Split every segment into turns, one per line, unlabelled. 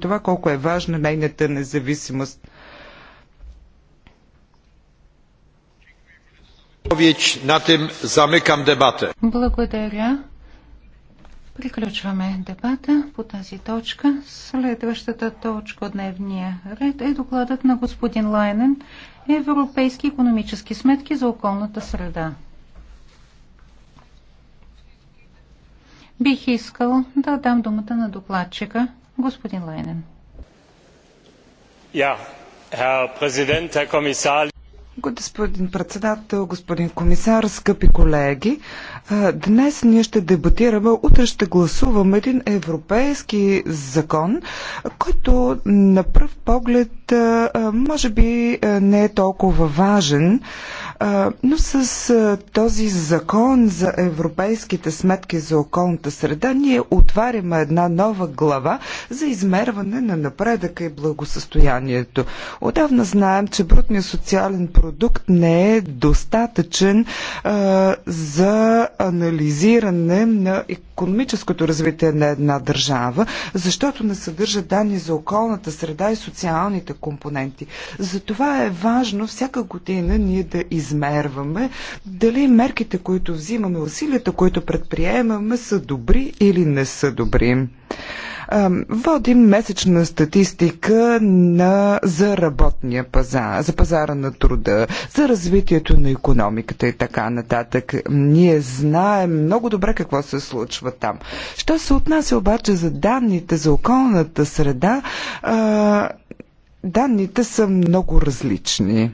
това колко е важна нейната независимост.
Благодаря.
Приключваме дебата по тази точка. Следващата точка от дневния ред е докладът на господин Лайнен Европейски економически сметки за околната среда. Бих искал да дам думата на докладчика. Господин Лайнен.
Господин председател, господин комисар, скъпи колеги, днес ние ще дебатираме, утре ще гласуваме един европейски закон, който на пръв поглед може би не е толкова важен но с този закон за европейските сметки за околната среда ние отваряме една нова глава за измерване на напредъка и благосъстоянието. Отдавна знаем, че брутният социален продукт не е достатъчен за анализиране на економическото развитие на една държава, защото не съдържа данни за околната среда и социалните компоненти. Затова е важно всяка година ние да измерваме дали мерките, които взимаме, усилията, които предприемаме, са добри или не са добри. Водим месечна статистика на, за работния пазар, за пазара на труда, за развитието на економиката и така нататък. Ние знаем много добре какво се случва там. Що се отнася обаче за данните за околната среда, данните са много различни.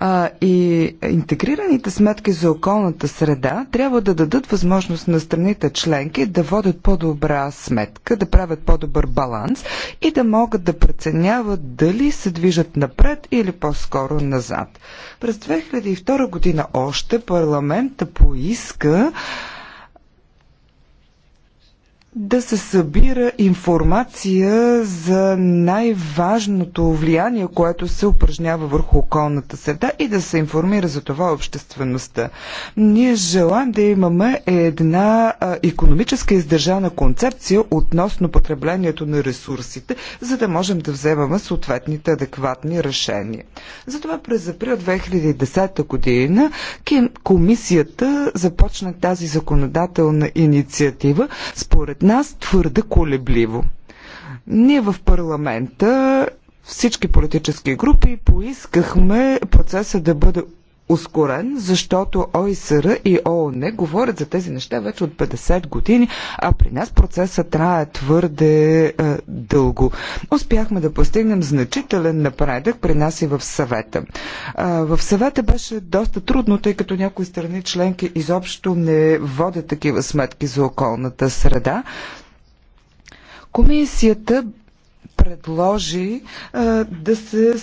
А, и интегрираните сметки за околната среда трябва да дадат възможност на страните членки да водят по-добра сметка, да правят по-добър баланс и да могат да преценяват дали се движат напред или по-скоро назад. През 2002 година още парламента поиска да се събира информация за най-важното влияние, което се упражнява върху околната среда и да се информира за това обществеността. Ние желаем да имаме една економическа издържана концепция относно потреблението на ресурсите, за да можем да вземаме съответните адекватни решения. Затова през април 2010 година комисията започна тази законодателна инициатива, според нас твърде колебливо. Ние в парламента всички политически групи поискахме процеса да бъде ускорен, защото ОИСР и ООН говорят за тези неща вече от 50 години, а при нас процесът трае твърде е, дълго. Успяхме да постигнем значителен напредък при нас и в съвета. Е, в съвета беше доста трудно, тъй като някои страни членки изобщо не водят такива сметки за околната среда. Комисията предложи е, да се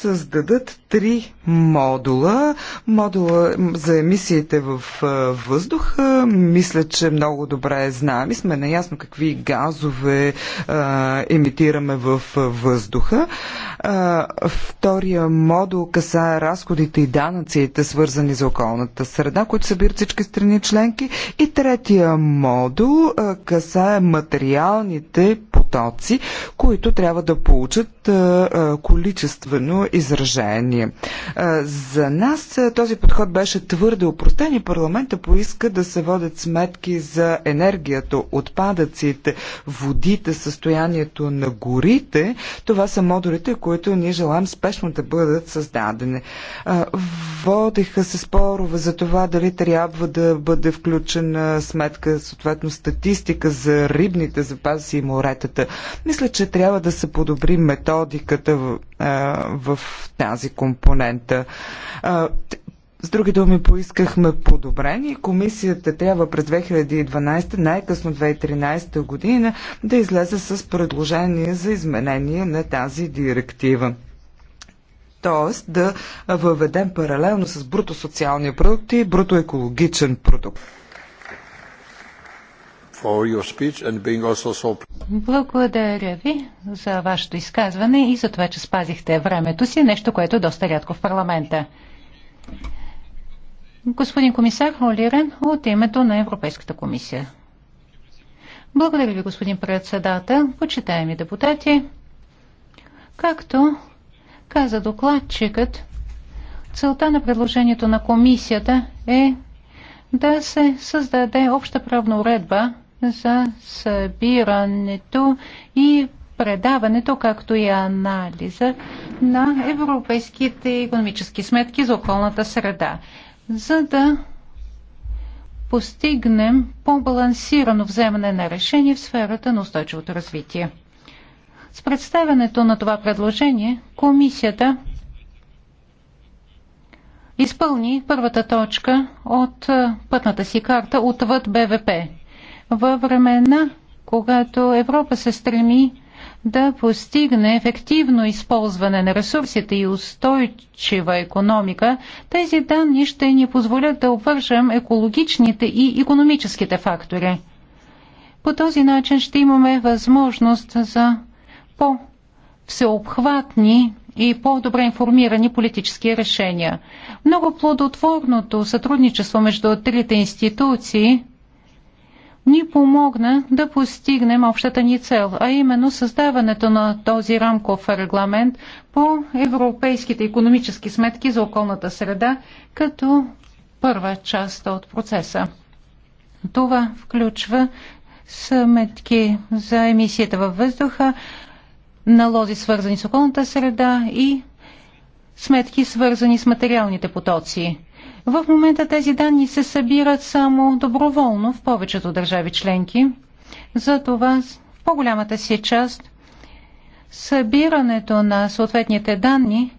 създадат три модула. Модула за емисиите в въздуха, мисля, че много добре знаем и сме наясно какви газове а, емитираме в въздуха. А, втория модул касае разходите и данъците, свързани за околната среда, които събират всички страни членки. И третия модул а, касае материалните потоци, които трябва да получат а, а, количествено изражение. За нас този подход беше твърде упростен и парламента поиска да се водят сметки за енергията, отпадъците, водите, състоянието на горите. Това са модулите, които ние желаем спешно да бъдат създадени. Водиха се спорове за това дали трябва да бъде включена сметка, съответно статистика за рибните запаси и моретата. Мисля, че трябва да се подобри методиката в, в в тази компонента. С други думи, поискахме подобрение. Комисията трябва през 2012, най-късно 2013 година, да излезе с предложение за изменение на тази директива т.е. да въведем паралелно с брутосоциалния продукт и брутоекологичен продукт
for your speech and being also so...
Благодаря ви за вашето изказване и за това, че спазихте времето си, нещо, което е доста рядко в парламента. Господин комисар Холирен от името на Европейската комисия. Благодаря ви, господин председател, почитаеми депутати. Както каза докладчикът, целта на предложението на комисията е да се създаде обща правна уредба за събирането и предаването, както и анализа на европейските економически сметки за околната среда, за да постигнем по-балансирано вземане на решение в сферата на устойчивото развитие. С представянето на това предложение комисията изпълни първата точка от пътната си карта отвъд БВП във времена, когато Европа се стреми да постигне ефективно използване на ресурсите и устойчива економика, тези данни ще ни позволят да обвържем екологичните и економическите фактори. По този начин ще имаме възможност за по-всеобхватни и по-добре информирани политически решения. Много плодотворното сътрудничество между трите институции – ни помогна да постигнем общата ни цел, а именно създаването на този рамков регламент по европейските економически сметки за околната среда като първа част от процеса. Това включва сметки за емисията във въздуха, налози свързани с околната среда и сметки свързани с материалните потоци. В момента тези данни се събират само доброволно в повечето държави членки. Затова в по-голямата си част събирането на съответните данни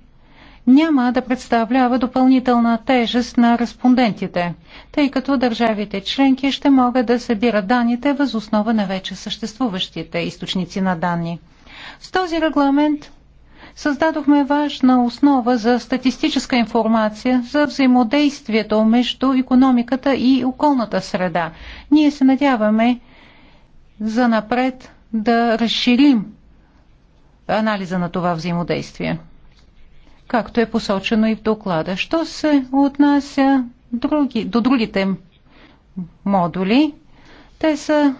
няма да представлява допълнителна тежест на респондентите, тъй като държавите членки ще могат да събират данните въз основа на вече съществуващите източници на данни. С този регламент създадохме важна основа за статистическа информация за взаимодействието между економиката и околната среда. Ние се надяваме за напред да разширим анализа на това взаимодействие, както е посочено и в доклада. Що се отнася други, до другите модули, те са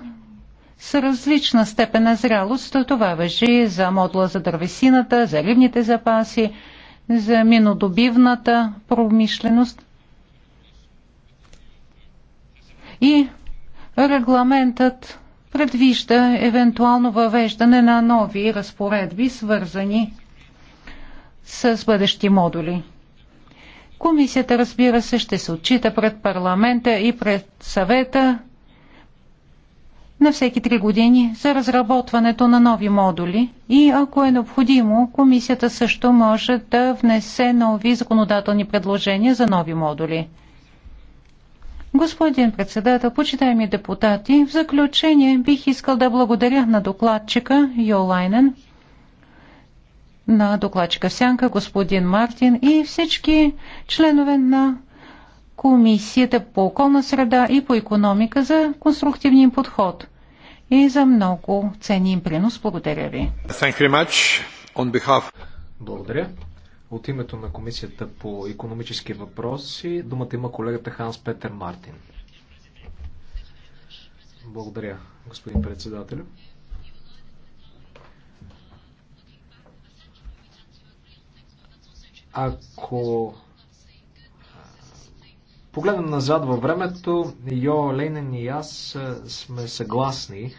с различна степен на зрялост. Това въжи за модула за дървесината, за рибните запаси, за минодобивната промишленост. И регламентът предвижда евентуално въвеждане на нови разпоредби, свързани с бъдещи модули. Комисията, разбира се, ще се отчита пред парламента и пред съвета на всеки три години за разработването на нови модули и ако е необходимо, комисията също може да внесе нови законодателни предложения за нови модули. Господин председател, почитаеми депутати, в заключение бих искал да благодаря на докладчика Йолайнен, на докладчика Сянка, господин Мартин и всички членове на Комисията по околна среда и по економика за конструктивния подход и за много ценни им принос. Благодаря ви.
Behalf... Благодаря. От името на Комисията по економически въпроси думата има колегата Ханс Петър Мартин. Благодаря, господин председател. Ако погледнем назад във времето, Йо Лейнен и аз сме съгласни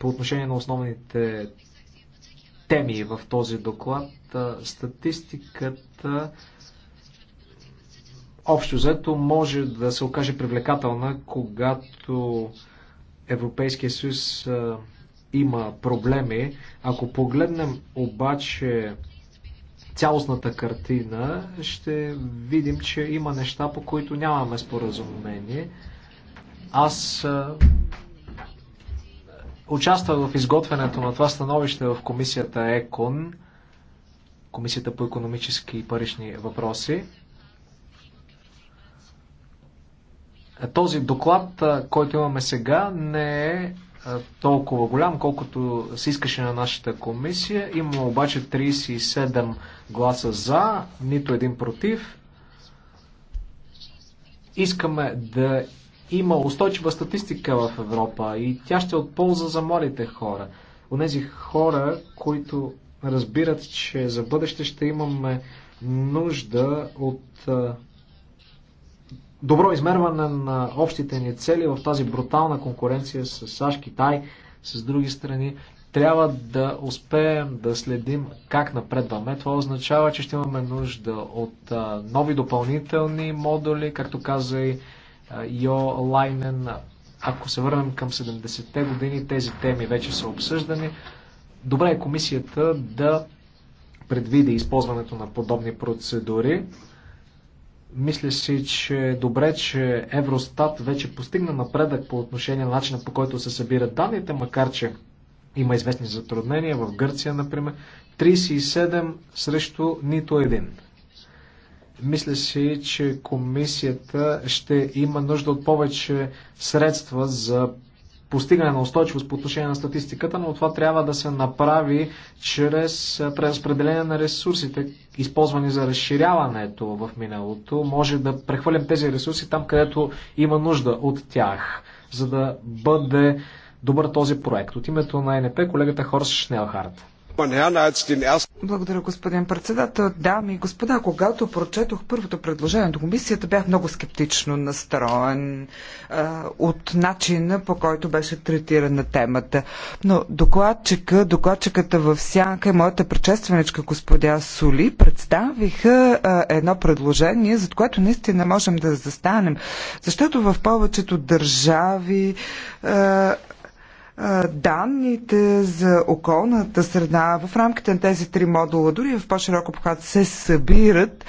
по отношение на основните теми в този доклад. Статистиката общо взето може да се окаже привлекателна, когато Европейския съюз има проблеми. Ако погледнем обаче цялостната картина, ще видим, че има неща, по които нямаме споразумение. Аз участвах в изготвянето на това становище в комисията ЕКОН, комисията по економически и парични въпроси. Този доклад, който имаме сега, не е толкова голям, колкото се искаше на нашата комисия. Има обаче 37 гласа за, нито един против. Искаме да има устойчива статистика в Европа и тя ще е от полза за младите хора. Онези хора, които разбират, че за бъдеще ще имаме нужда от добро измерване на общите ни цели в тази брутална конкуренция с САЩ, Китай, с други страни. Трябва да успеем да следим как напредваме. Това означава, че ще имаме нужда от нови допълнителни модули, както каза и Йо Лайнен. Ако се върнем към 70-те години, тези теми вече са обсъждани. Добре е комисията да предвиди използването на подобни процедури. Мисля си, че е добре, че Евростат вече постигна напредък по отношение на начина по който се събират данните, макар че има известни затруднения в Гърция, например. 37 срещу нито един. Мисля си, че комисията ще има нужда от повече средства за постигане на устойчивост по отношение на статистиката, но това трябва да се направи чрез преразпределение на ресурсите, използвани за разширяването в миналото. Може да прехвърлим тези ресурси там, където има нужда от тях, за да бъде добър този проект. От името на НП колегата Хорс Шнелхарт.
Благодаря, господин председател. Дами и господа, когато прочетох първото предложение на комисията, бях много скептично настроен а, от начина по който беше третирана темата. Но докладчика, докладчиката в сянка и моята предшественичка господя Соли представиха а, едно предложение, за което наистина можем да застанем. Защото в повечето държави а, данните за околната среда в рамките на тези три модула, дори в по-широк похват, се събират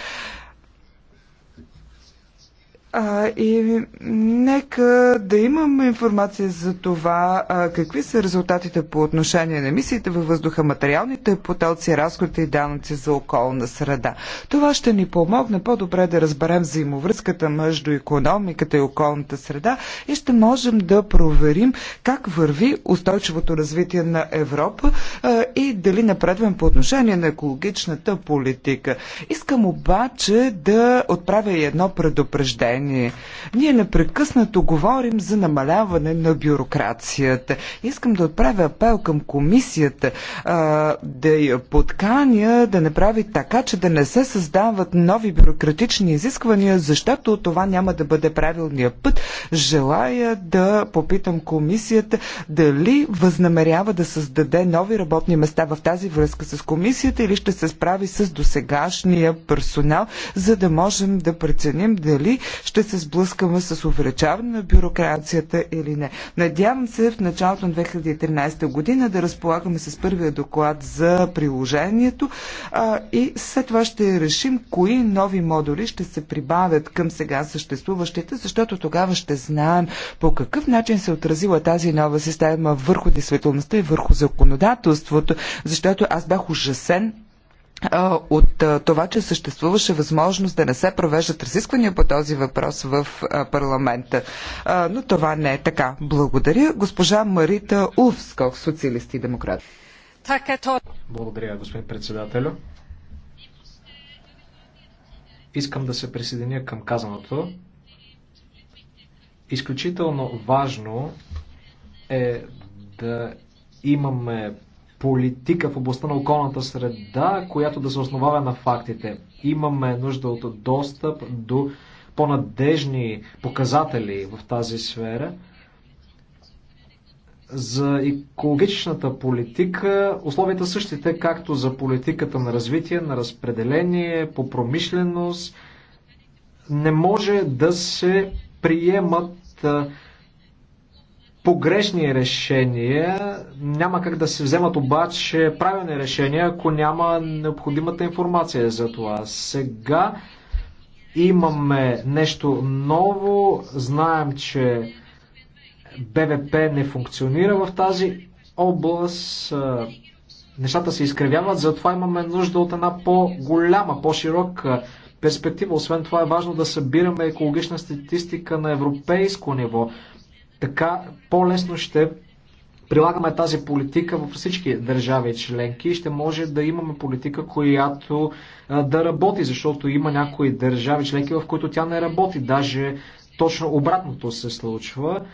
а, и нека да имаме информация за това а, какви са резултатите по отношение на емисиите във въздуха, материалните потоци, разходите и данъци за околна среда. Това ще ни помогне по-добре да разберем взаимовръзката между економиката и околната среда и ще можем да проверим как върви устойчивото развитие на Европа а, и дали напредваме по отношение на екологичната политика. Искам обаче да отправя едно предупреждение управление. Ние непрекъснато говорим за намаляване на бюрокрацията. Искам да отправя апел към комисията а, да я подканя да направи така, че да не се създават нови бюрократични изисквания, защото това няма да бъде правилния път. Желая да попитам комисията дали възнамерява да създаде нови работни места в тази връзка с комисията или ще се справи с досегашния персонал, за да можем да преценим дали ще се сблъскаме с увеличаване на бюрокрацията или не. Надявам се в началото на 2013 година да разполагаме с първия доклад за приложението а, и след това ще решим кои нови модули ще се прибавят към сега съществуващите, защото тогава ще знаем по какъв начин се е отразила тази нова система върху действителността и върху законодателството, защото аз бях ужасен от това, че съществуваше възможност да не се провеждат разисквания по този въпрос в парламента. Но това не е така. Благодаря. Госпожа Марита Увскок, социалисти и демократи. Е Благодаря, господин председател. Искам да се
присъединя към казаното. Изключително важно е да имаме политика в областта на околната среда, която да се основава на фактите. Имаме нужда от достъп до по-надежни показатели в тази сфера. За екологичната политика условията същите, както за политиката на развитие, на разпределение, по промишленост, не може да се приемат погрешни решения. Няма как да се вземат обаче правилни решения, ако няма необходимата информация за това. Сега имаме нещо ново. Знаем, че БВП не функционира в тази област. Нещата се изкривяват, затова имаме нужда от една по-голяма, по-широка перспектива. Освен това е важно да събираме екологична статистика на европейско ниво. Така по-лесно ще прилагаме тази политика във всички държави и членки и ще може да имаме политика, която да работи, защото има някои държави членки, в които тя не работи. Даже точно обратното се случва.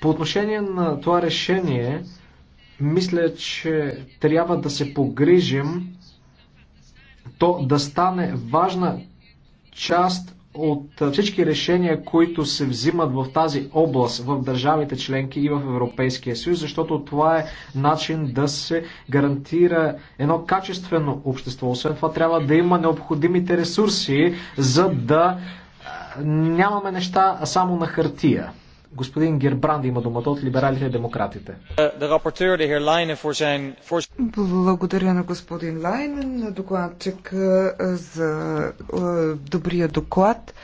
По отношение на това решение, мисля, че трябва да се погрижим то да стане важна част от всички решения, които се взимат в тази област, в държавите членки и в Европейския съюз, защото това е начин да се гарантира едно качествено общество. Освен това трябва да има необходимите ресурси, за да нямаме неща само на хартия. Господин Гербранд има думата от либералите и демократите.
Благодаря на господин Лайнен, на докладчик е, за е, добрия доклад.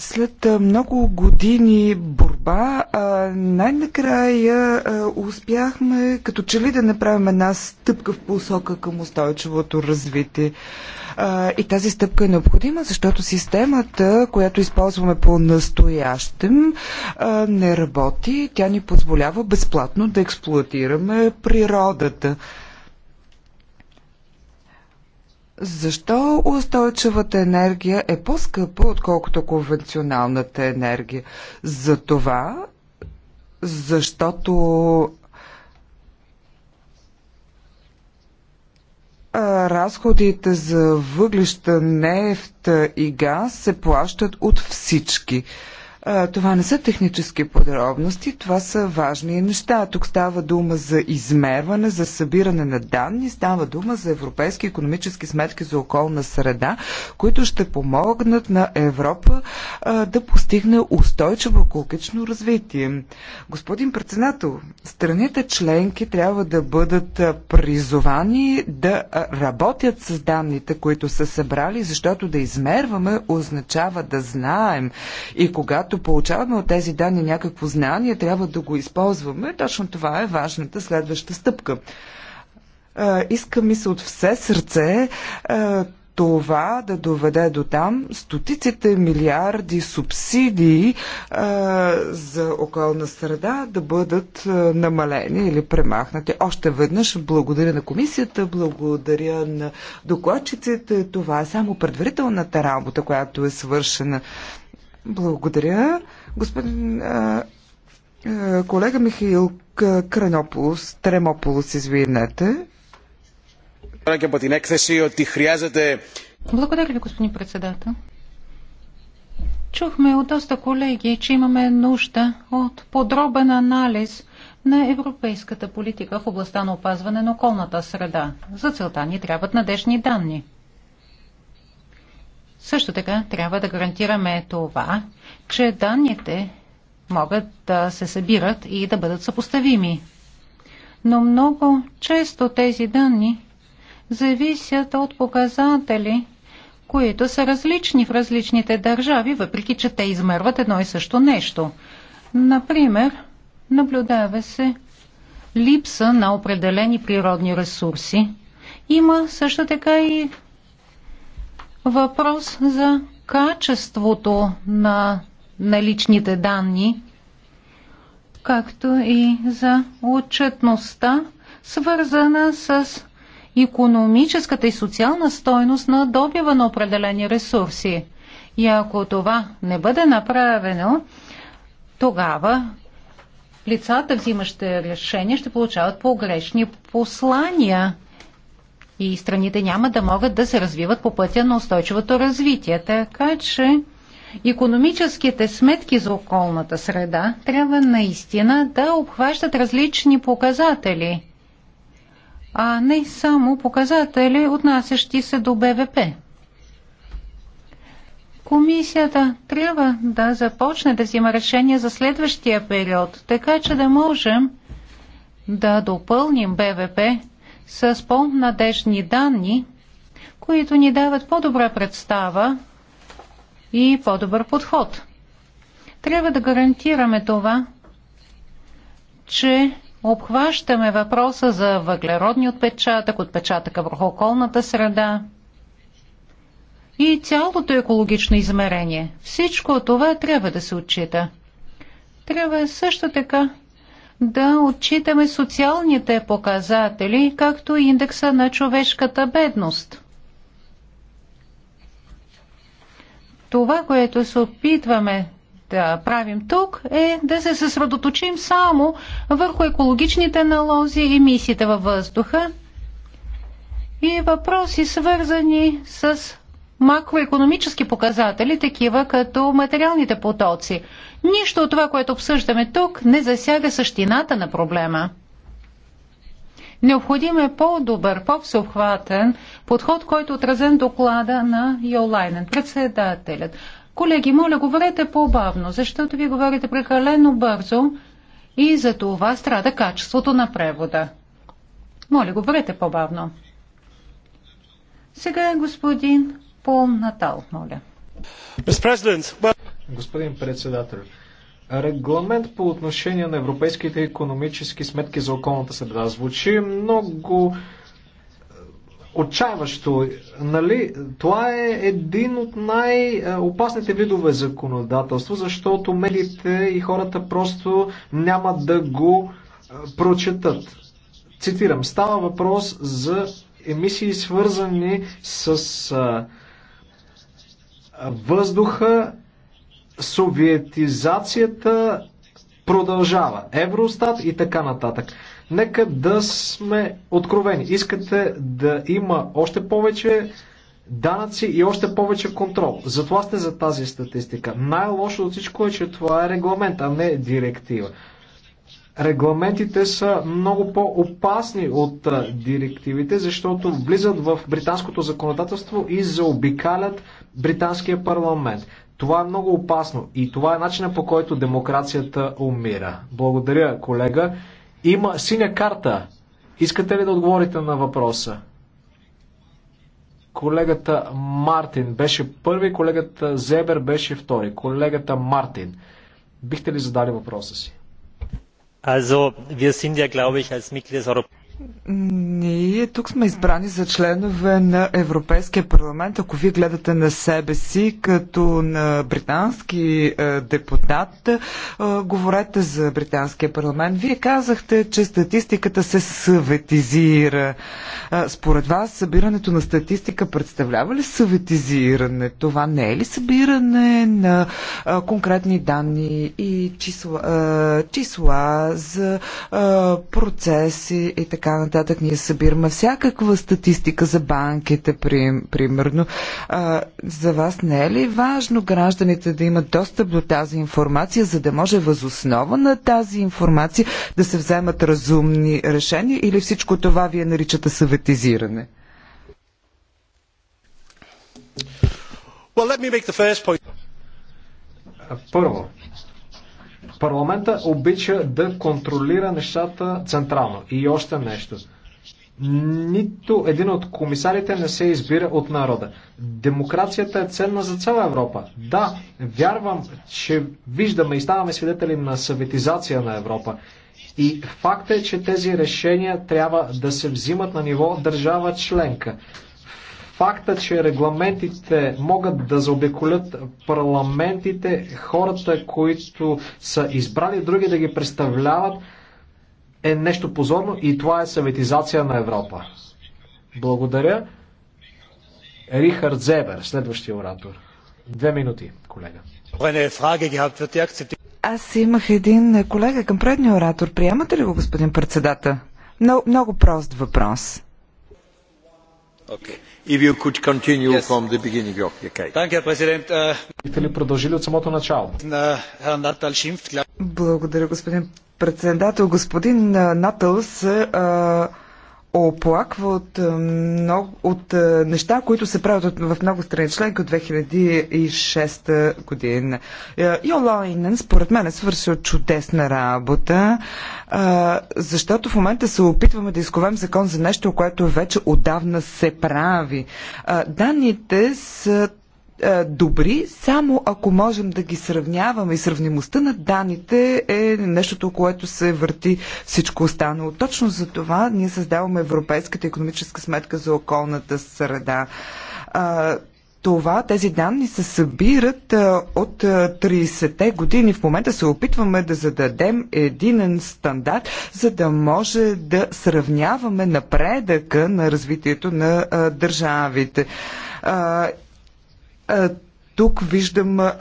След много години борба, най-накрая успяхме като че ли да направим една стъпка в посока към устойчивото развитие. И тази стъпка е необходима, защото системата, която използваме по-настоящем, не работи. Тя ни позволява безплатно да експлуатираме природата. Защо устойчивата енергия е по-скъпа, отколкото конвенционалната енергия? За това, защото разходите за въглища, нефт и газ се плащат от всички. Това не са технически подробности, това са важни неща. Тук става дума за измерване, за събиране на данни, става дума за европейски економически сметки за околна среда, които ще помогнат на Европа а, да постигне устойчиво екологично развитие. Господин председател, страните членки трябва да бъдат призовани да работят с данните, които са събрали, защото да измерваме означава да знаем. И когато получаваме от тези данни някакво знание, трябва да го използваме. Точно това е важната следваща стъпка. Иска ми се от все сърце това да доведе до там стотиците милиарди субсидии а, за околна среда да бъдат а, намалени или премахнати. Още веднъж благодаря на комисията, благодаря на докладчиците. Това е само предварителната работа, която е свършена. Благодаря. Господин а, колега Михаил Кранополос, Тремополос, извинете.
Благодаря ви, господин председател. Чухме от доста колеги, че имаме нужда от подробен анализ на европейската политика в областта на опазване на околната среда. За целта ни трябват надежни данни. Също така трябва да гарантираме това, че данните могат да се събират и да бъдат съпоставими. Но много често тези данни зависят от показатели, които са различни в различните държави, въпреки че те измерват едно и също нещо. Например, наблюдава се липса на определени природни ресурси. Има също така и въпрос за качеството на наличните данни, както и за отчетността, свързана с економическата и социална стойност на добива на определени ресурси. И ако това не бъде направено, тогава лицата, взимащи решения, ще получават погрешни послания и страните няма да могат да се развиват по пътя на устойчивото развитие. Така че економическите сметки за околната среда трябва наистина да обхващат различни показатели, а не само показатели, отнасящи се до БВП. Комисията трябва да започне да взима решение за следващия период, така че да можем да допълним БВП с по-надежни данни, които ни дават по-добра представа и по-добър подход. Трябва да гарантираме това, че обхващаме въпроса за въглеродни отпечатък, отпечатъка върху околната среда и цялото екологично измерение. Всичко това трябва да се отчита. Трябва също така да отчитаме социалните показатели, както и индекса на човешката бедност. Това, което се опитваме да правим тук е да се съсредоточим само върху екологичните налози, и мисиите във въздуха и въпроси свързани с макроекономически показатели, такива като материалните потоци. Нищо от това, което обсъждаме тук, не засяга същината на проблема. Необходим е по-добър, по-всеобхватен подход, който е отразен доклада на Йолайнен, председателят. Колеги, моля, говорете по-бавно, защото ви говорите прекалено бързо и за това страда качеството на превода. Моля, говорете по-бавно. Сега господин Пол Натал, моля.
Господин председател, регламент по отношение на европейските економически сметки за околната среда звучи много е, отчаяващо. Нали? Това е един от най-опасните видове законодателство, защото медиите и хората просто няма да го е, прочетат. Цитирам, става въпрос за емисии свързани с е, въздуха, советизацията продължава. Евростат и така нататък. Нека да сме откровени. Искате да има още повече данъци и още повече контрол. Затова сте за тази статистика. Най-лошо от всичко е, че това е регламент, а не директива регламентите са много по-опасни от директивите, защото влизат в британското законодателство и заобикалят британския парламент. Това е много опасно и това е начинът по който демокрацията умира. Благодаря, колега. Има синя карта. Искате ли да отговорите на въпроса? Колегата Мартин беше първи, колегата Зебер беше втори. Колегата Мартин, бихте ли задали въпроса си?
also wir sind ja glaube ich als mitglied des. Ние тук сме избрани за членове на Европейския парламент. Ако вие гледате на себе си като на британски е, депутат, е, говорете за британския парламент. Вие казахте, че статистиката се съветизира. Е, според вас събирането на статистика представлява ли съветизиране? Това не е ли събиране на конкретни данни и числа, числа за процеси и така така нататък. Ние събираме всякаква статистика за банките, примерно. А, за вас не е ли важно гражданите да имат достъп до тази информация, за да може възоснова на тази информация да се вземат разумни решения или всичко това вие наричате съветизиране?
Well, let me make the first point. Първо, Парламента обича да контролира нещата централно. И още нещо. Нито един от комисарите не се избира от народа. Демокрацията е ценна за цяла Европа. Да, вярвам, че виждаме и ставаме свидетели на съветизация на Европа. И факт е, че тези решения трябва да се взимат на ниво държава членка. Факта, че регламентите могат да заобиколят парламентите, хората, които са избрали други да ги представляват, е нещо позорно и това е съветизация на Европа. Благодаря. Рихард Зебер, следващия оратор. Две минути, колега.
Е Аз имах един колега към предния оратор. Приемате ли го, господин председател? Много, много прост въпрос. Uh,
продължили от самото начало? Uh,
Благодаря, господин председател. Господин Натълс uh, оплаква от, е, много, от е, неща, които се правят в много страни членки от 2006 година. Е, Йолайнен, според мен, е свършил чудесна работа, защото в момента се опитваме да изковем закон за нещо, което вече отдавна се прави. Данните са е, добри, само ако можем да ги сравняваме. И сравнимостта на данните е нещото, което се върти всичко останало. Точно за това ние създаваме Европейската економическа сметка за околната среда. Това, тези данни се събират от 30-те години. В момента се опитваме да зададем единен стандарт, за да може да сравняваме напредъка на развитието на държавите а, тук виждам а,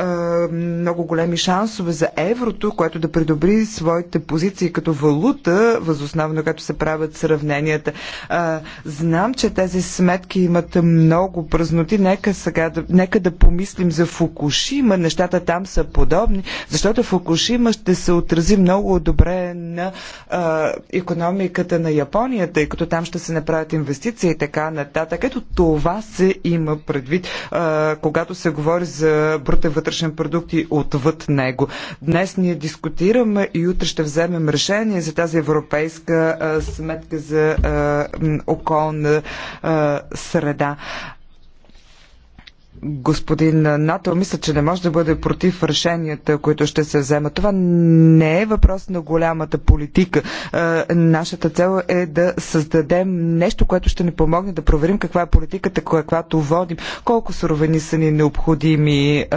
много големи шансове за еврото, което да придобри своите позиции като валута, възоснова на като се правят сравненията. А, знам, че тези сметки имат много празноти. Нека сега да, нека да помислим за Фукушима. Нещата там са подобни, защото Фукушима ще се отрази много добре на а, економиката на Япония, тъй като там ще се направят инвестиции и така нататък. Ето това се има предвид, а, когато се говори за брутен вътрешен продукт и отвъд него. Днес ние дискутираме и утре ще вземем решение за тази европейска сметка за околна среда господин НАТО, мисля, че не може да бъде против решенията, които ще се вземат. Това не е въпрос на голямата политика. Е, нашата цел е да създадем нещо, което ще ни помогне да проверим каква е политиката, която водим, колко суровини са ни необходими е,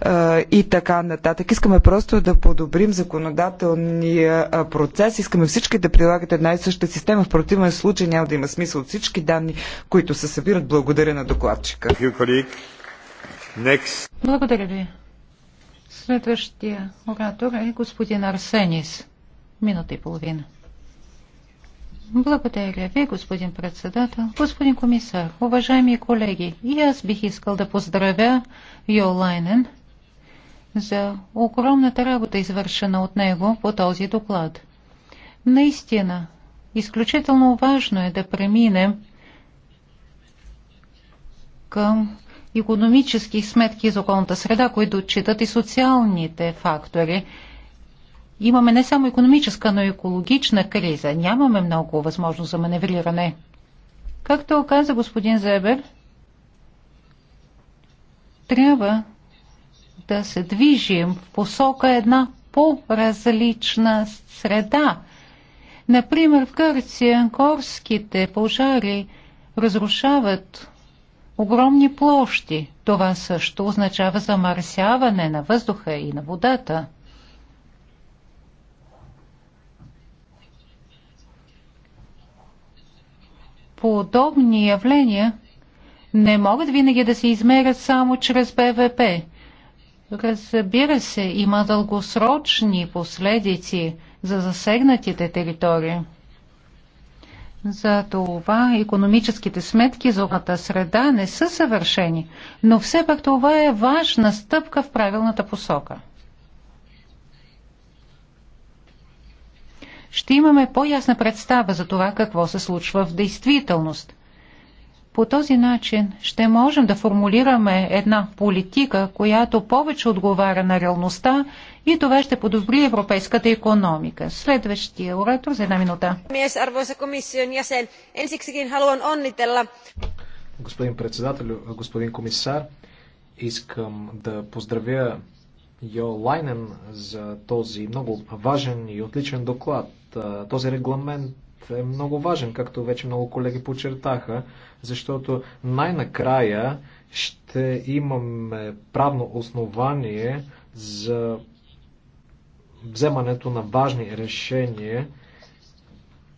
е, и така нататък. Искаме просто да подобрим законодателния процес. Искаме всички да прилагат една и съща система. В противен случай няма да има смисъл от всички данни, които се събират. Благодаря на докладчика. Next.
Благодаря ви. Следващия оратор е господин Арсенис. Минута и половина. Благодаря ви, господин председател, господин комисар, уважаеми колеги. И аз бих искал да поздравя Йо Лайнен за огромната работа, извършена от него по този доклад. Наистина, изключително важно е да преминем към економически сметки за околната среда, които отчитат и социалните фактори. Имаме не само економическа, но и екологична криза. Нямаме много възможност за маневриране. Както каза господин Зебер, трябва да се движим в посока една по-различна среда. Например, в Гърция горските пожари разрушават огромни площи. Това също означава замърсяване на въздуха и на водата. Подобни явления не могат винаги да се измерят само чрез БВП. Разбира се, има дългосрочни последици за засегнатите територии. За това економическите сметки за околната среда не са съвършени, но все пак това е важна стъпка в правилната посока. Ще имаме по-ясна представа за това какво се случва в действителност. По този начин ще можем да формулираме една политика, която повече отговаря на реалността и това ще подобри европейската економика. Следващия оратор за една минута.
Господин председател, господин комисар, искам да поздравя Йо Лайнен за този много важен и отличен доклад. Този регламент е много важен, както вече много колеги подчертаха, защото най-накрая ще имаме правно основание за вземането на важни решения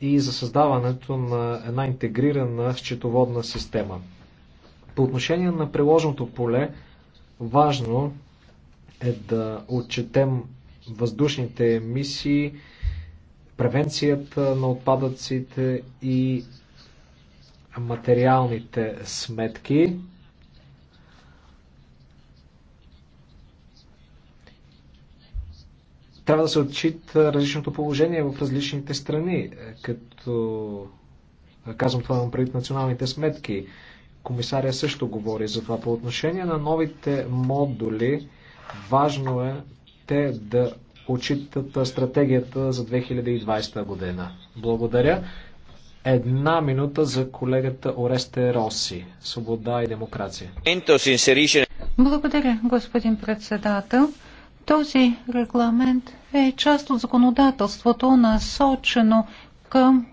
и за създаването на една интегрирана счетоводна система. По отношение на приложното поле, важно е да отчетем въздушните емисии, превенцията на отпадъците и материалните сметки. Трябва да се отчита различното положение в различните страни, като казвам това на предвид националните сметки. Комисаря също говори за това. По отношение на новите модули, важно е те да отчитат стратегията за 2020 година. Благодаря. Една минута за колегата Оресте Роси. Свобода и демокрация.
Благодаря, господин председател. Този регламент е част от законодателството, насочено към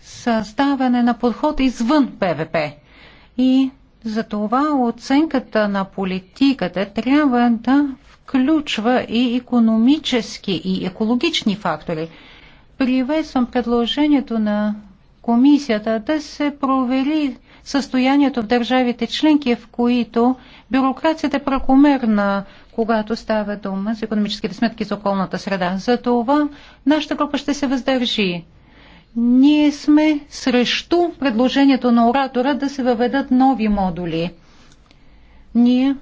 създаване на подход извън ПВП. И затова оценката на политиката трябва да включва и економически и екологични фактори. Приветствам предложението на комисията да се провери състоянието в държавите членки, в които бюрокрацията е прекомерна, когато става дума за економическите сметки за околната среда. За това нашата група ще се въздържи. Ние сме срещу предложението на оратора да се въведат нови модули. Ние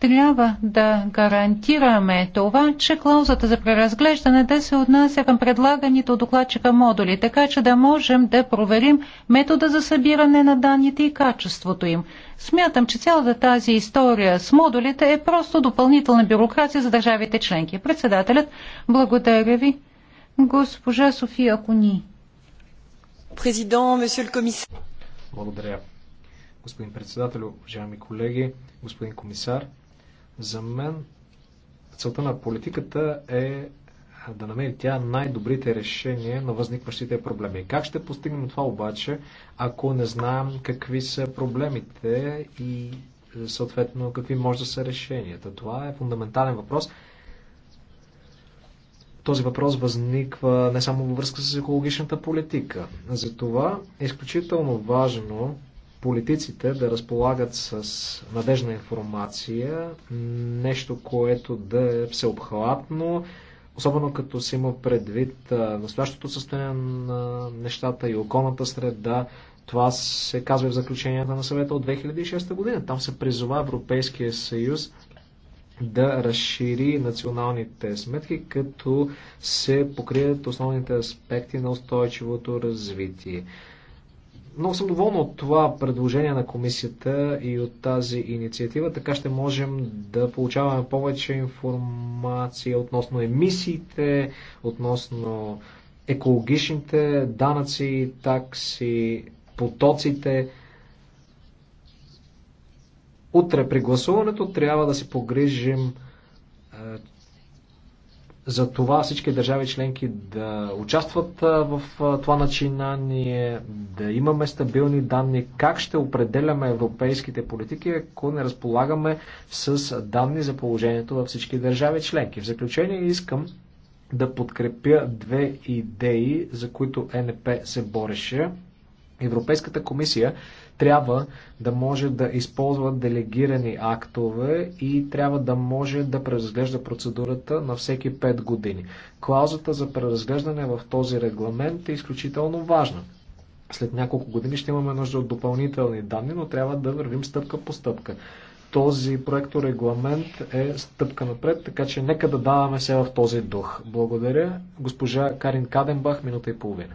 трябва да гарантираме това, че клаузата за преразглеждане да се отнася към предлаганите от докладчика модули, така че да можем да проверим метода за събиране на данните и качеството им. Смятам, че цялата тази история с модулите е просто допълнителна бюрокрация за държавите членки. Председателят, благодаря ви. Госпожа София Кони.
Президент, месье комисар.
Благодаря. Господин председател, уважаеми колеги, господин комисар, за мен целта на политиката е да намери тя най-добрите решения на възникващите проблеми. Как ще постигнем това обаче, ако не знаем какви са проблемите и съответно какви може да са решенията? Това е фундаментален въпрос този въпрос възниква не само във връзка с екологичната политика. Затова е изключително важно политиците да разполагат с надежна информация, нещо, което да е всеобхватно, особено като се има предвид настоящото състояние на нещата и околната среда. Това се казва и в заключенията на съвета от 2006 година. Там се призова Европейския съюз да разшири националните сметки, като се покрият основните аспекти на устойчивото развитие. Много съм доволна от това предложение на комисията и от тази инициатива. Така ще можем да получаваме повече информация относно емисиите, относно екологичните данъци, такси, потоците утре при гласуването трябва да се погрижим е, за това всички държави членки да участват е, в е, това начинание, да имаме стабилни данни, как ще определяме европейските политики, ако не разполагаме с данни за положението във всички държави членки. В заключение искам да подкрепя две идеи, за които НП се бореше. Европейската комисия трябва да може да използва делегирани актове и трябва да може да преразглежда процедурата на всеки 5 години. Клаузата за преразглеждане в този регламент е изключително важна. След няколко години ще имаме нужда от допълнителни данни, но трябва да вървим стъпка по стъпка. Този регламент е стъпка напред, така че нека да даваме се в този дух. Благодаря. Госпожа Карин Каденбах, минута и половина.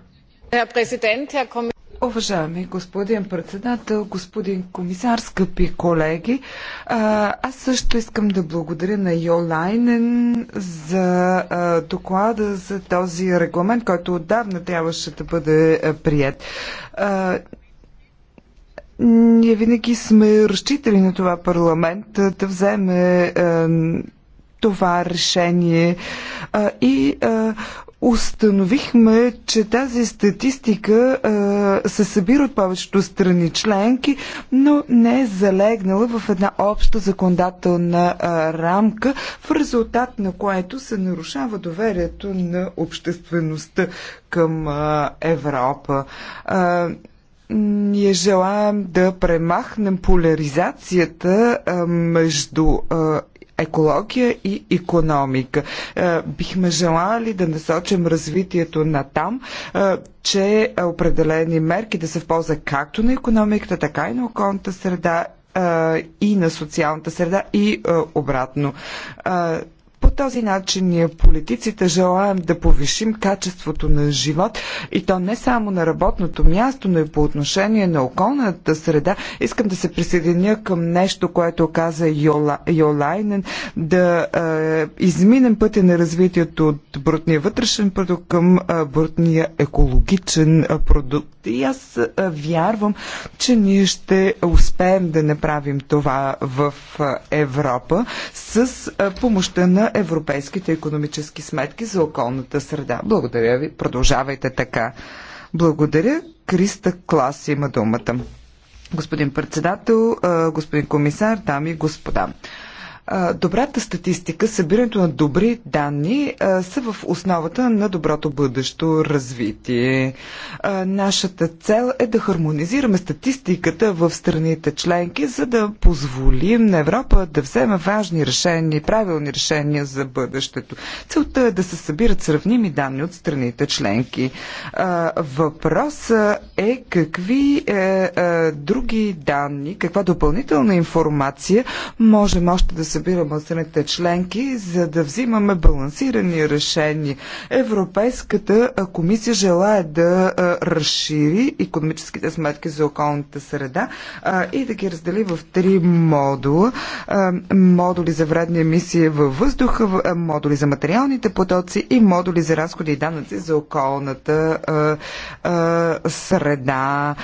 Уважаеми господин председател, господин комисар, скъпи колеги, аз също искам да благодаря на Йолайнен за доклада за този регламент, който отдавна трябваше да бъде прият. Ние винаги сме разчитали на това парламент да вземе това решение. А, и а, Установихме, че тази статистика а, се събира от повечето страни членки, но не е залегнала в една обща законодателна а, рамка, в резултат на което се нарушава доверието на обществеността към а, Европа. А, ние желаем да премахнем поляризацията а, между а, екология и економика. Е, бихме желали да насочим развитието на там, е, че определени мерки да се в полза както на економиката, така и на околната среда е, и на социалната среда и обратно този начин ние, политиците, желаем да повишим качеството на живот и то не само на работното място, но и по отношение на околната среда. Искам да се присъединя към нещо, което каза Йола, Йолайнен, да е, изминем пътя на развитието от брутния вътрешен продукт към е, брутния екологичен е, продукт. И аз е, вярвам, че ние ще успеем да направим това в Европа с помощта на Европа европейските економически сметки за околната среда. Благодаря ви. Продължавайте така. Благодаря. Криста Клас има думата. Господин председател, господин комисар, дами и господа. Добрата статистика, събирането на добри данни са в основата на доброто бъдещо развитие. Нашата цел е да хармонизираме статистиката в страните членки, за да позволим на Европа да вземе важни решения, правилни решения за бъдещето. Целта е да се събират сравними данни от страните членки. Въпросът е какви е, е, други данни, каква допълнителна информация можем още да се събираме от страните членки, за да взимаме балансирани решения. Европейската комисия желая да разшири економическите сметки за околната среда и да ги раздели в три модула. Модули за вредни емисии във въздуха, модули за материалните потоци и модули за разходи и данъци за околната среда.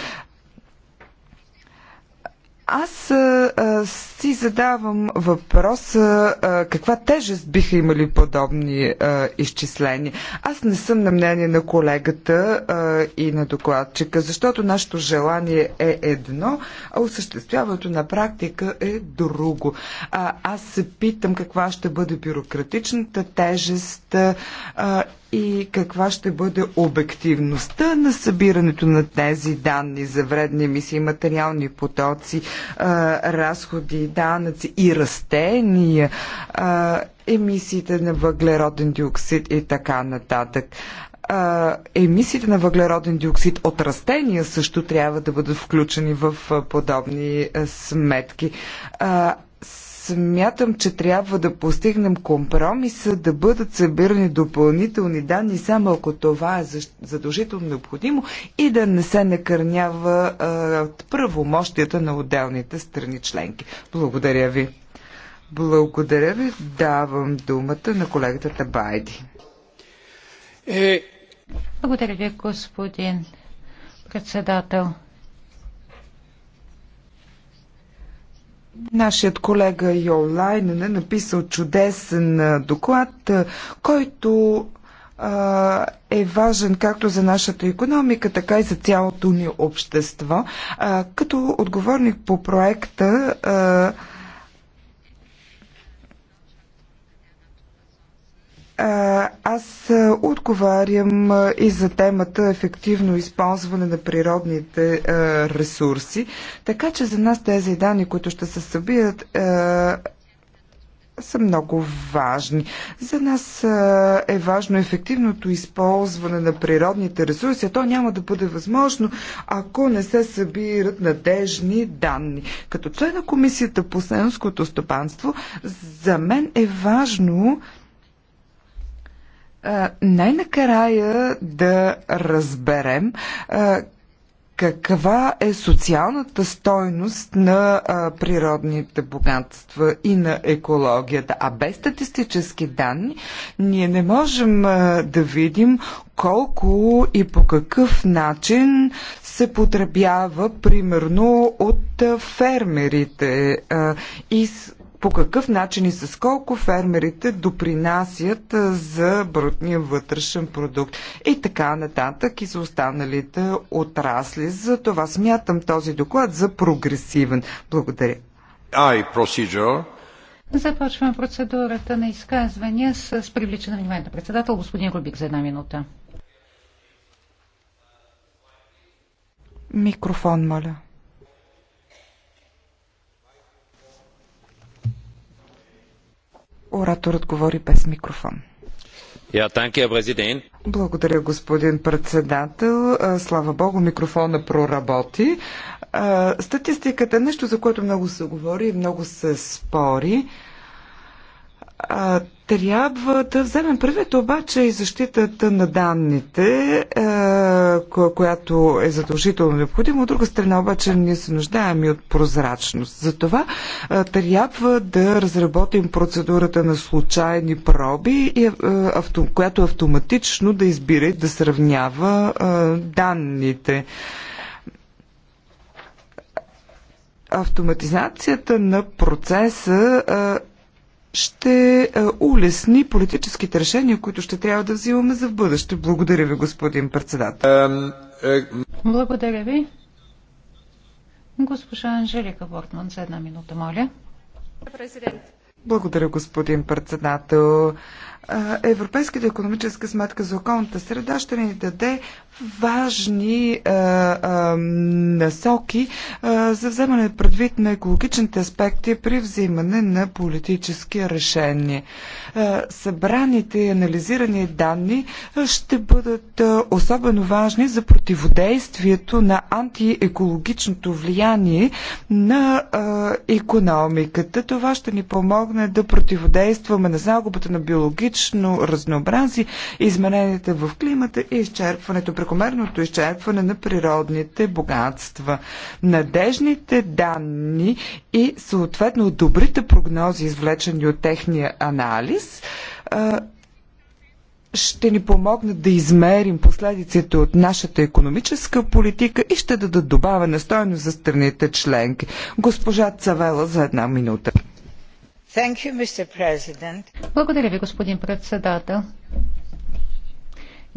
Аз а, си задавам въпроса а, каква тежест биха имали подобни а, изчисления. Аз не съм на мнение на колегата а, и на докладчика, защото нашето желание е едно, а осъществяването на практика е друго. А, аз се питам каква ще бъде бюрократичната тежест а, и каква ще бъде обективността на събирането на тези данни за вредни емисии, материални потоци, разходи, данъци и растения, емисиите на въглероден диоксид и така нататък емисиите на въглероден диоксид от растения също трябва да бъдат включени в подобни сметки. Смятам, че трябва да постигнем компромиса, да бъдат събирани допълнителни данни, само ако това е задължително необходимо и да не се накърнява от правомощията на отделните страни членки. Благодаря ви. Благодаря ви. Давам думата на колегата Табайди.
Е, Благодаря ви, господин председател.
Нашият колега Лайнен е написал чудесен доклад, който е важен както за нашата економика, така и за цялото ни общество. Като отговорник по проекта Аз отговарям и за темата ефективно използване на природните ресурси, така че за нас тези данни, които ще се събият, са много важни. За нас е важно ефективното използване на природните ресурси, а то няма да бъде възможно, ако не се събират надежни данни. Като член на Комисията по селското стопанство, за мен е важно най-накрая да разберем каква е социалната стойност на природните богатства и на екологията. А без статистически данни ние не можем да видим колко и по какъв начин се потребява примерно от фермерите и по какъв начин и с колко фермерите допринасят за брутния вътрешен продукт и така нататък и за останалите отрасли. За това смятам този доклад за прогресивен. Благодаря. I
procedure. Започваме процедурата на изказвания с привличане на вниманието председател господин Рубик за една минута.
Микрофон, моля. Ораторът говори без микрофон. Благодаря, господин председател. Слава Богу, микрофона проработи. Статистиката е нещо, за което много се говори и много се спори. А, трябва да вземем предвид обаче и защитата на данните, която е задължително необходима. От друга страна обаче ние се нуждаем и от прозрачност. Затова трябва да разработим процедурата на случайни проби, която автоматично да избира и да сравнява данните. Автоматизацията на процеса ще е, улесни политическите решения, които ще трябва да взимаме за в бъдеще. Благодаря ви, господин председател. Е,
Благодаря ви. Госпожа Анжелика Бортман, за една минута, моля. Президент.
Благодаря, господин председател. Европейската економическа сметка за околната среда ще ни даде важни а, а, насоки а, за вземане предвид на екологичните аспекти при взимане на политически решения. събраните и анализирани данни ще бъдат а, особено важни за противодействието на антиекологичното влияние на а, економиката. Това ще ни помогне помогне да противодействаме на загубата на биологично разнообразие, измененията в климата и изчерпването, прекомерното изчерпване на природните богатства. Надежните данни и съответно добрите прогнози, извлечени от техния анализ, ще ни помогнат да измерим последиците от нашата економическа политика и ще дадат добавена стойност за страните членки. Госпожа Цавела за една минута.
Благодаря ви, господин председател.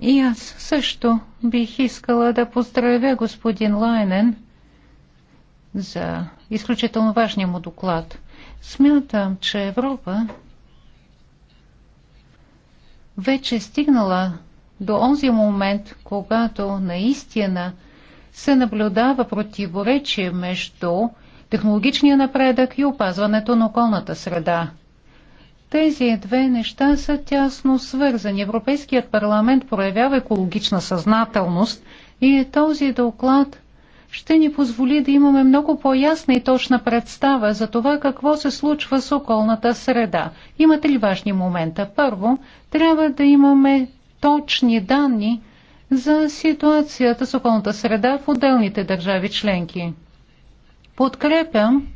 И аз също бих искала да поздравя господин Лайнен за изключително важния му доклад. Смятам, че Европа вече е стигнала до онзи момент, когато наистина се наблюдава противоречие между технологичния напредък и опазването на околната среда. Тези две неща са тясно свързани. Европейският парламент проявява екологична съзнателност и е този доклад ще ни позволи да имаме много по-ясна и точна представа за това какво се случва с околната среда. Има три важни момента. Първо, трябва да имаме точни данни за ситуацията с околната среда в отделните държави членки. Подкрепям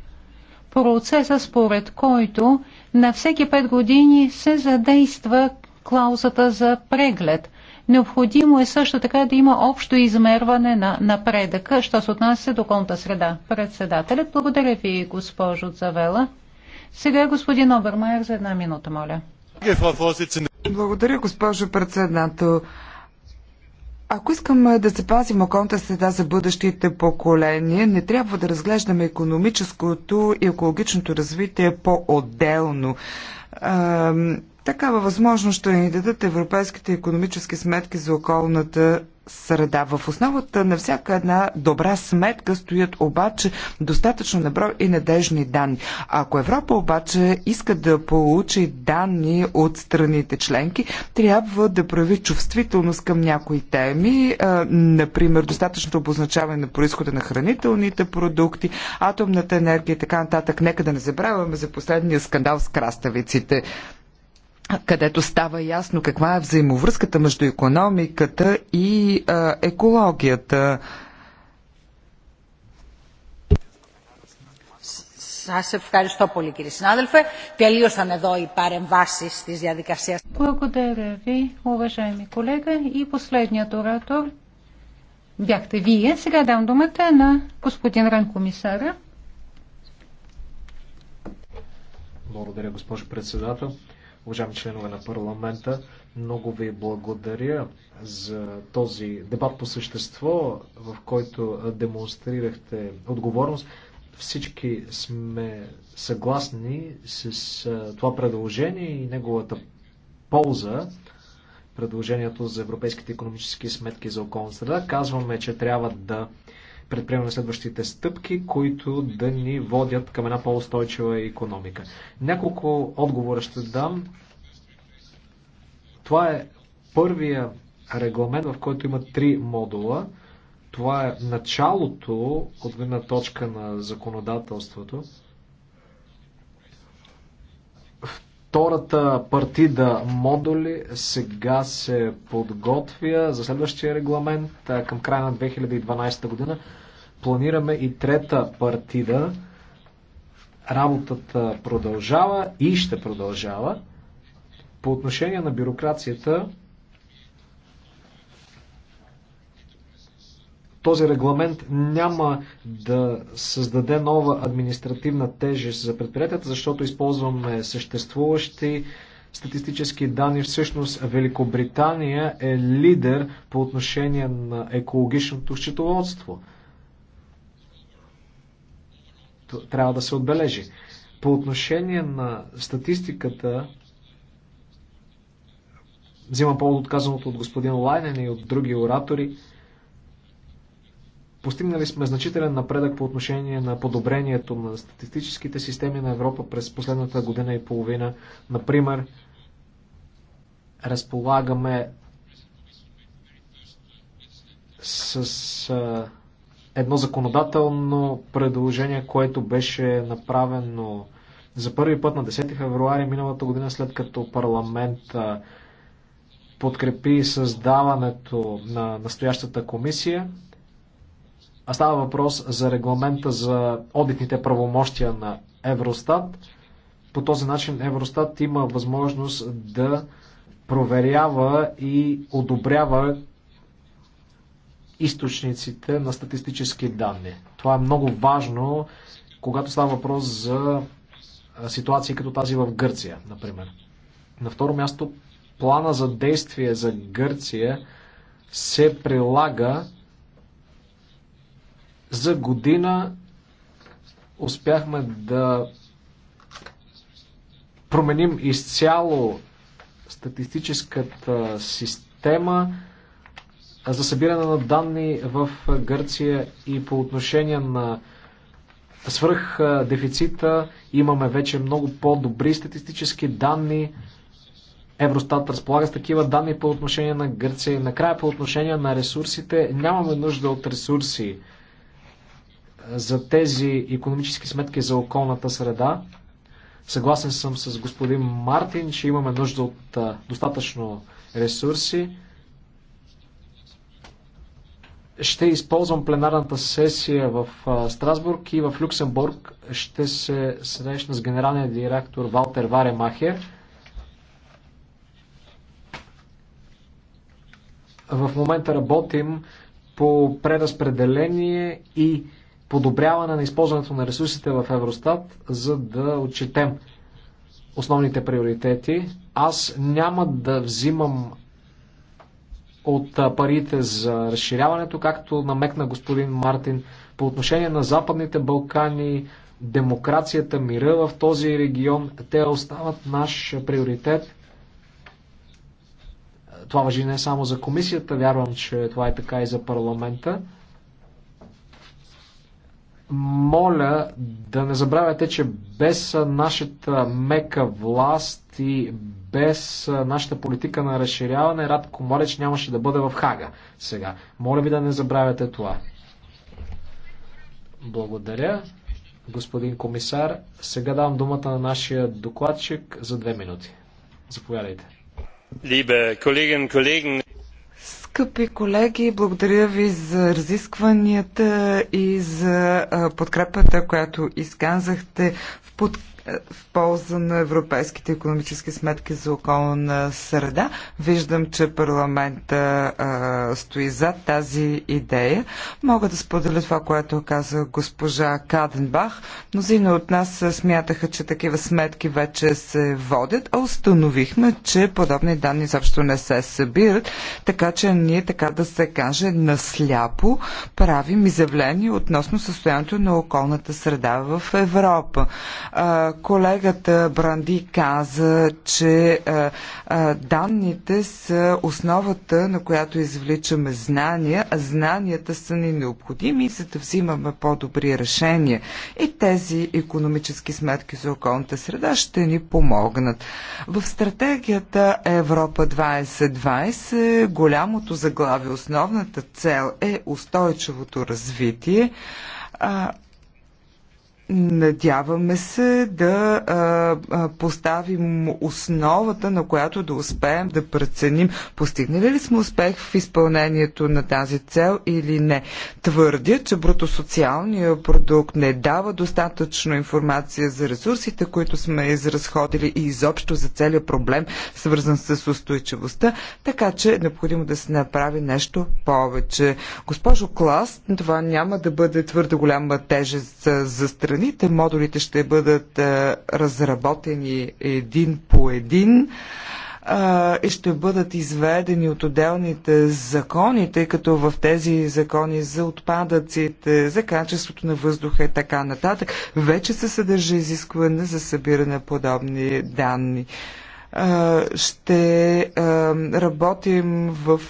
процеса, според който на всеки 5 години се задейства клаузата за преглед. Необходимо е също така да има общо измерване на напредъка, що се отнася до околната среда. Председателят, благодаря ви, госпожо Завела. Сега господин Обермайер за една минута, моля.
Благодаря, госпожо председател. Ако искаме да запазим околната среда за бъдещите поколения, не трябва да разглеждаме економическото и екологичното развитие по-отделно. Такава възможност ще ни дадат европейските економически сметки за околната среда. В основата на всяка една добра сметка стоят обаче достатъчно наброй и надежни данни. Ако Европа обаче иска да получи данни от страните членки, трябва да прави чувствителност към някои теми, например достатъчното обозначаване на происхода на хранителните продукти, атомната енергия и така нататък. Нека да не забравяме за последния скандал с краставиците където става ясно каква е взаимовръзката между економиката и а, екологията.
Σας ευχαριστώ πολύ κύριε συνάδελφε. Τελείωσαν εδώ οι Благодаря ви, уважаеми колега. И последният оратор бяхте вие. Сега дам думата на господин Комисара.
Благодаря, госпожо председател уважаеми членове на парламента. Много ви благодаря за този дебат по същество, в който демонстрирахте отговорност. Всички сме съгласни с това предложение и неговата полза предложението за европейските економически сметки за околна среда. Казваме, че трябва да Предприемаме следващите стъпки, които да ни водят към една по-устойчива економика. Няколко отговора ще дам. Това е първия регламент, в който има три модула. Това е началото от гледна точка на законодателството. Втората партида модули сега се подготвя за следващия регламент към края на 2012 година планираме и трета партида. Работата продължава и ще продължава. По отношение на бюрокрацията, този регламент няма да създаде нова административна тежест за предприятията, защото използваме съществуващи статистически данни. Всъщност Великобритания е лидер по отношение на екологичното счетоводство трябва да се отбележи. По отношение на статистиката, взимам повод от казаното от господин Лайнен и от други оратори, Постигнали сме значителен напредък по отношение на подобрението на статистическите системи на Европа през последната година и половина. Например, разполагаме с едно законодателно предложение, което беше направено за първи път на 10 февруари миналата година, след като парламент подкрепи създаването на настоящата комисия. А става въпрос за регламента за одитните правомощия на Евростат. По този начин Евростат има възможност да проверява и одобрява източниците на статистически данни. Това е много важно, когато става въпрос за ситуации като тази в Гърция, например. На второ място, плана за действие за Гърция се прилага за година успяхме да променим изцяло статистическата система, за събиране на данни в Гърция и по отношение на свръх дефицита имаме вече много по-добри статистически данни. Евростат разполага с такива данни по отношение на Гърция и накрая по отношение на ресурсите. Нямаме нужда от ресурси за тези економически сметки за околната среда. Съгласен съм с господин Мартин, че имаме нужда от достатъчно ресурси ще използвам пленарната сесия в Страсбург и в Люксембург. Ще се срещна с генералния директор Валтер Варемахер. В момента работим по преразпределение и подобряване на използването на ресурсите в Евростат, за да отчетем основните приоритети. Аз няма да взимам от парите за разширяването, както намекна господин Мартин, по отношение на Западните Балкани, демокрацията, мира в този регион, те остават наш приоритет. Това въжи не само за комисията, вярвам, че това е така и за парламента моля да не забравяте, че без нашата мека власт и без нашата политика на разширяване, Радко Комореч нямаше да бъде в Хага сега. Моля ви да не забравяте това. Благодаря, господин комисар. Сега давам
думата на нашия докладчик
за две минути. Заповядайте.
Либе
колеги и колеги, Скъпи колеги, благодаря ви за разискванията и за подкрепата, която изказахте в подкрепа в полза на европейските економически сметки за околна среда. Виждам, че парламента а, стои зад тази идея. Мога да споделя това, което каза госпожа Каденбах. Мнозина от нас смятаха, че такива сметки вече се водят, а установихме, че подобни данни изобщо не се събират, така че ние, така да се каже, насляпо правим изявление относно състоянието на околната среда в Европа Колегата Бранди каза, че данните са основата, на която извличаме знания, а знанията са ни необходими, за да взимаме по-добри решения. И тези економически сметки за околната среда ще ни помогнат. В стратегията Европа 2020 голямото заглавие, основната цел е устойчивото развитие. Надяваме се да а, поставим основата, на която да успеем да преценим постигнали ли сме успех в изпълнението на тази цел или не. Твърдя, че брутосоциалният продукт не дава достатъчно информация за ресурсите, които сме изразходили и изобщо за целият проблем, свързан с устойчивостта, така че е необходимо да се направи нещо повече. Госпожо Клас, това няма да бъде твърде голяма тежест за страната страните. Модулите ще бъдат разработени един по един и ще бъдат изведени от отделните закони, тъй като в тези закони за отпадъците, за качеството на въздуха и така нататък, вече се съдържа изискване за събиране на подобни данни ще работим в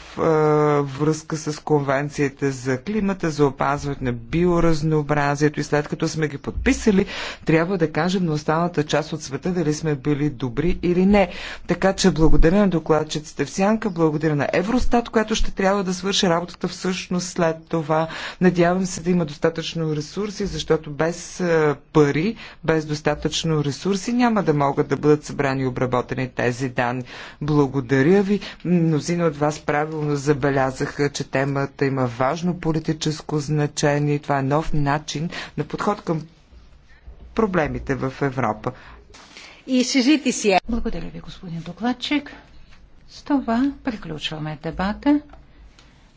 връзка с конвенцията за климата, за опазването на биоразнообразието и след като сме ги подписали, трябва да кажем на останалата част от света дали сме били добри или не. Така че благодаря на докладчиците в Сянка, благодаря на Евростат, която ще трябва да свърши работата всъщност след това. Надявам се да има достатъчно ресурси, защото без пари, без достатъчно ресурси няма да могат да бъдат събрани и обработени тези данни. Благодаря ви. Мнозина от вас правилно забелязаха, че темата има важно политическо значение. Това е нов начин на подход към проблемите в Европа.
И си. Е. Благодаря ви, господин докладчик. С това приключваме дебата.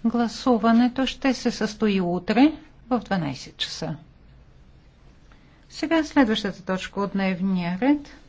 Гласуването ще се състои утре в 12 часа. Сега следващата точка от дневния ред